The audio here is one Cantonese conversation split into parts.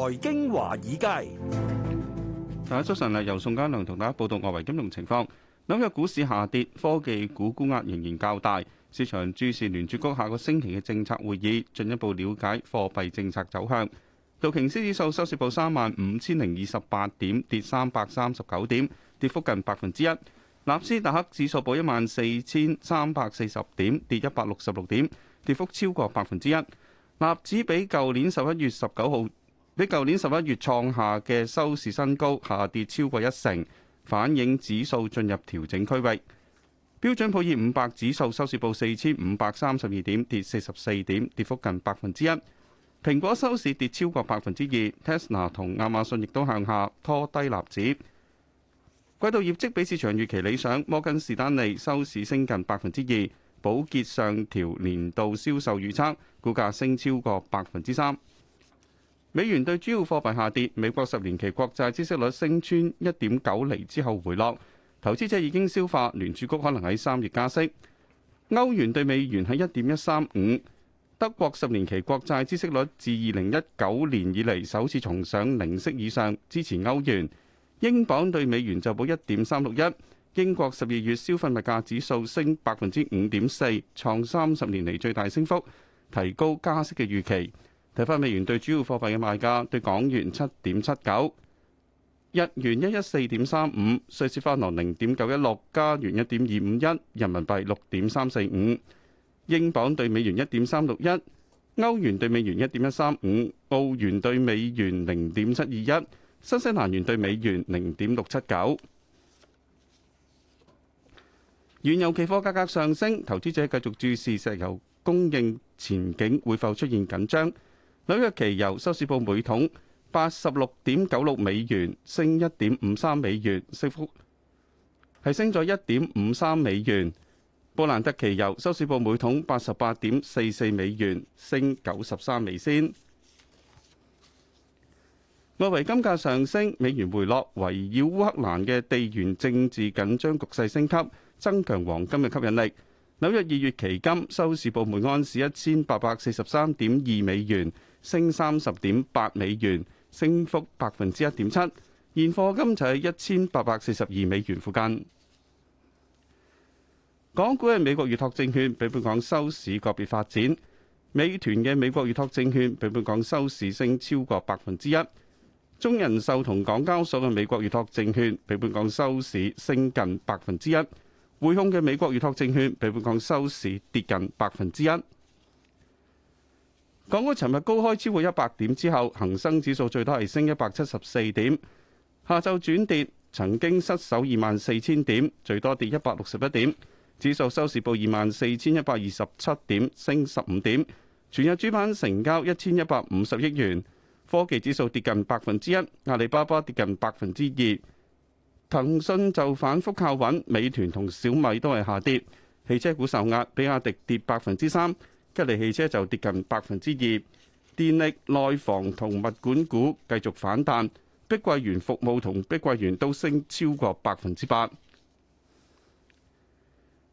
財經華爾街，大家早晨啊！由宋嘉良同大家報道外圍金融情況。紐約股市下跌，科技股沽壓仍然較大。市場注視聯儲局下個星期嘅政策會議，進一步了解貨幣政策走向。道瓊斯指數收市報三萬五千零二十八點，跌三百三十九點，跌幅近百分之一。納斯達克指數報一萬四千三百四十點，跌一百六十六點，跌幅超過百分之一。納指比舊年十一月十九號比舊年十一月創下嘅收市新高，下跌超過一成，反映指數進入調整區域。標準普爾五百指數收市報四千五百三十二點，跌四十四點，跌幅近百分之一。蘋果收市跌超過百分之二，Tesla 同亞馬遜亦都向下拖低納指。季度業績比市場預期理想，摩根士丹利收市升近百分之二，寶潔上調年度銷售預測，股價升超過百分之三。美元對主要貨幣下跌，美國十年期國債孳息率升穿一點九厘之後回落，投資者已經消化聯儲局可能喺三月加息。歐元對美元喺一點一三五，德國十年期國債孳息率自二零一九年以嚟首次重上零息以上，支持歐元。英鎊對美元就報一點三六一，英國十二月消費物價指數升百分之五點四，創三十年嚟最大升幅，提高加息嘅預期。睇返美元對主要貨幣嘅賣價，對港元七點七九，日元一一四點三五，瑞士法郎零點九一六，加元一點二五一，人民幣六點三四五，英鎊對美元一點三六一，歐元對美元一點一三五，澳元對美元零點七二一，新西蘭元對美元零點六七九。原油期貨價格上升，投資者繼續注視石油供應前景會否出現緊張。紐約期油收市報每桶八十六點九六美元，升一點五三美元，升幅係升咗一點五三美元。布蘭特期油收市報每桶八十八點四四美元，升九十三美仙。外圍金價上升，美元回落，圍繞烏克蘭嘅地緣政治緊張局勢升級，增強黃金嘅吸引力。紐約二月期金收市報每盎司一千八百四十三點二美元。升三十點八美元，升幅百分之一點七，現貨金就喺一千八百四十二美元附近。港股嘅美國預託證券，比本港收市個別發展。美團嘅美國預託證券比本港收市升超過百分之一。中人壽同港交所嘅美國預託證券比本港收市升近百分之一。匯控嘅美國預託證券比本港收市跌近百分之一。港股尋日高開超過一百點之後，恒生指數最多係升一百七十四點，下晝轉跌，曾經失守二萬四千點，最多跌一百六十一點，指數收市報二萬四千一百二十七點，升十五點。全日主板成交一千一百五十億元，科技指數跌近百分之一，阿里巴巴跌近百分之二，騰訊就反覆靠穩，美團同小米都係下跌，汽車股受壓，比亞迪跌百分之三。吉利汽車就跌近百分之二，電力、內房同物管股繼續反彈，碧桂園服務同碧桂園都升超過百分之八。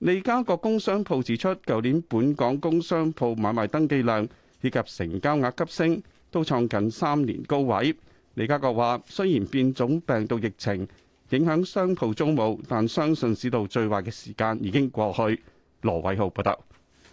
利嘉閣工商鋪指出，舊年本港工商鋪買賣登記量以及成交額急升，都創近三年高位。利嘉閣話：雖然變種病毒疫情影響商鋪租務，但相信市道最壞嘅時間已經過去。羅偉浩報道。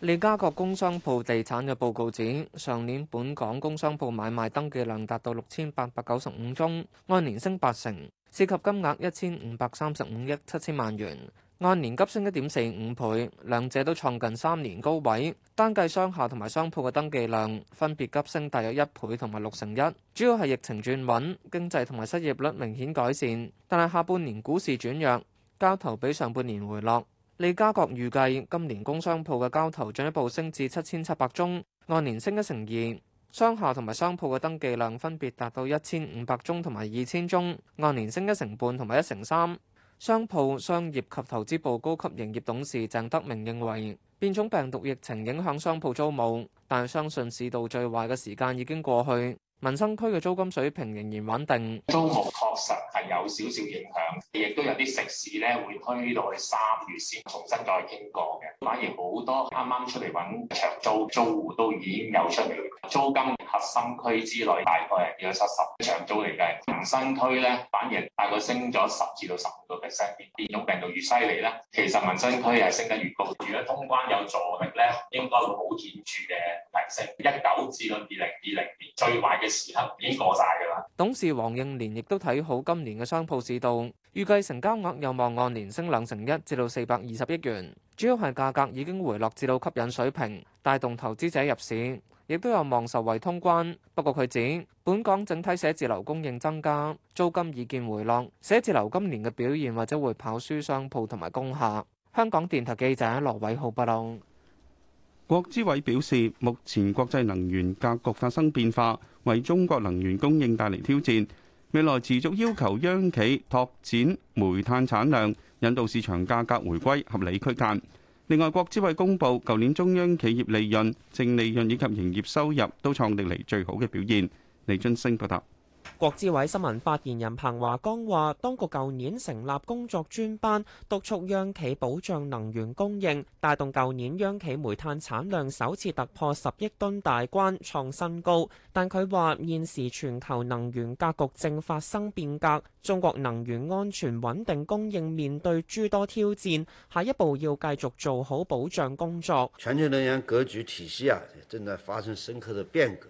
利嘉閣工商鋪地產嘅報告指，上年本港工商鋪買賣登記量達到六千八百九十五宗，按年升八成，涉及金額一千五百三十五億七千萬元，按年急升一點四五倍，兩者都創近三年高位。單計商廈同埋商鋪嘅登記量，分別急升大約一倍同埋六成一。主要係疫情轉穩，經濟同埋失業率明顯改善。但係下半年股市轉弱，交投比上半年回落。利嘉閣預計今年工商鋪嘅交投進一步升至七千七百宗，按年升一成二。商廈同埋商鋪嘅登記量分別達到一千五百宗同埋二千宗，按年升一成半同埋一成三。商鋪商業及投資部高級營業董事鄭德明認為，變種病毒疫情影響商鋪租務，但相信市道最壞嘅時間已經過去。民生區嘅租金水平仍然穩定，租屋確實係有少少影響，亦都有啲食肆咧會推到去三月先重新再傾過嘅。反而好多啱啱出嚟揾長租租戶都已經有出嚟，租金核心區之內大概係有七十長租嚟嘅。民生區咧反而大概升咗十至到十五個 percent。變種病毒越犀利咧，其實民生區係升得越高，如果通關有助力咧，應該會好顯著嘅提升。一九至到二零二零年最壞嘅。時董事王應年亦都睇好今年嘅商鋪市道，預計成交額有望按年升兩成一，至到四百二十億元。主要係價格已經回落至到吸引水平，帶動投資者入市，亦都有望受惠通關。不過佢指本港整體寫字樓供應增加，租金已見回落，寫字樓今年嘅表現或者會跑輸商鋪同埋工廈。香港電台記者羅偉浩報道。國資委表示，目前國際能源格局發生變化。為中國能源供應帶嚟挑戰，未來持續要求央企拓展煤炭產量，引導市場價格回歸合理區間。另外，國資委公布，舊年中央企業利潤、淨利潤以及營業收入都創歷嚟最好嘅表現。李津升報道。國資委新聞發言人彭華崗話，當局舊年成立工作專班，督促央企保障能源供應，帶動舊年央企煤炭產量首次突破十億噸大關，創新高。但佢話現時全球能源格局正發生變革，中國能源安全穩定供應面對諸多挑戰，下一步要繼續做好保障工作。全球能源格局體系啊，正在發生深刻的變革。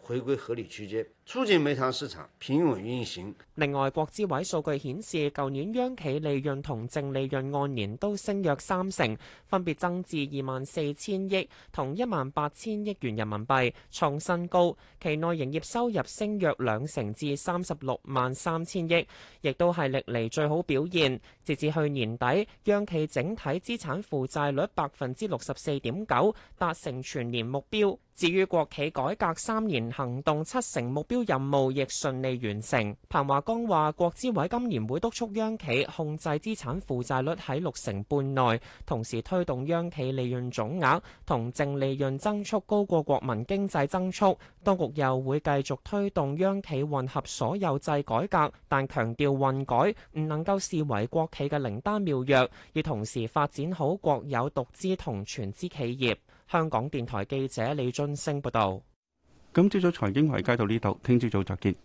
回歸合理區間，促進煤炭市場平穩運行。另外，國資委數據顯示，舊年央企利潤同淨利潤按年都升約三成，分別增至二萬四千億同一萬八千億元人民幣，創新高。期內營業收入升約兩成至三十六萬三千億，亦都係歷嚟最好表現。截至去年底，央企整體資產負債率百分之六十四點九，達成全年目標。至於國企改革三年，行動七成目標任務亦順利完成。彭華崗話：國資委今年會督促央企控制資產負債率喺六成半內，同時推動央企利潤總額同淨利潤增速高過國民經濟增速。當局又會繼續推動央企混合所有制改革，但強調混改唔能夠視為國企嘅靈丹妙藥，要同時發展好國有獨資同全資企業。香港電台記者李津升報導。今朝早財經華爾街到呢度，聽朝早再見。